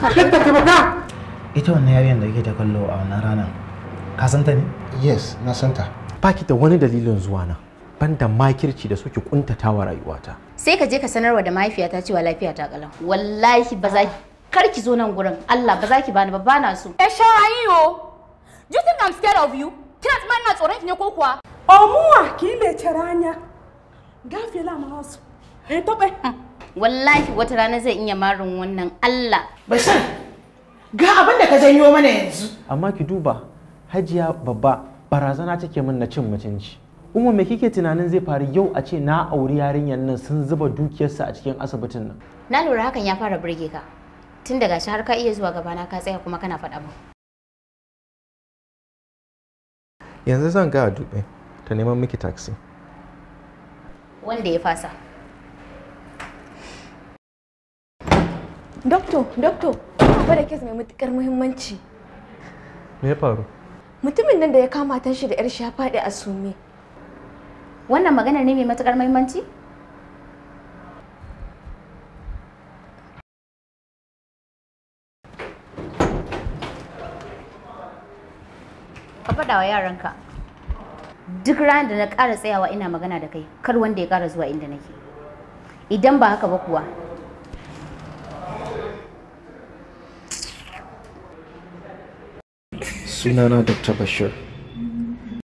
ka taimaka ita wannan yarinyar da kake ta kallo a wannan ranar ka san ta ne yes na san ta ba ki da wani dalilin zuwa na ban da makirci da suke kuntatawa rayuwata sai ka je ka sanarwa da mahaifiyata cewa lafiya ta kalau wallahi ba za ki kar ki zo nan gurin Allah ba za ki bani ba bana so eh sharayiyo do you think i'm scared of you kina tsammanin na tsoron ki ne ko kuwa omuwa ki le charanya gafela ma wasu eh tobe hmm. wallahi wata rana zai iya marin wannan Allah bashir ga abin da ka janyo mana yanzu amma ki duba hajiya babba barazana take min na cin mutunci Umar me kike tunanin zai faru yau a ce na auri yarinyar nan sun zuba dukiyarsa a cikin asibitin nan? Na lura hakan ya fara burge ka. Tun daga shi har ka iya zuwa gabana ka tsaya kuma kana faɗa min. Yanzu zan ga a duɓe ta neman miki taxi. Wanda ya fasa. Dokto, dokto, ba da kes mai matukar muhimmanci. Me ya faru? Mutumin nan da ya kama tan shi da yar shi ya faɗi a sume. Wannan magana ne mai matukar muhimmanci? Ka wa yaranka. Duk ranar da na ƙara tsayawa ina magana da kai, kar wanda ya ƙara zuwa inda nake. Idan ba haka ba kuwa, Sunana Dr. Bashir.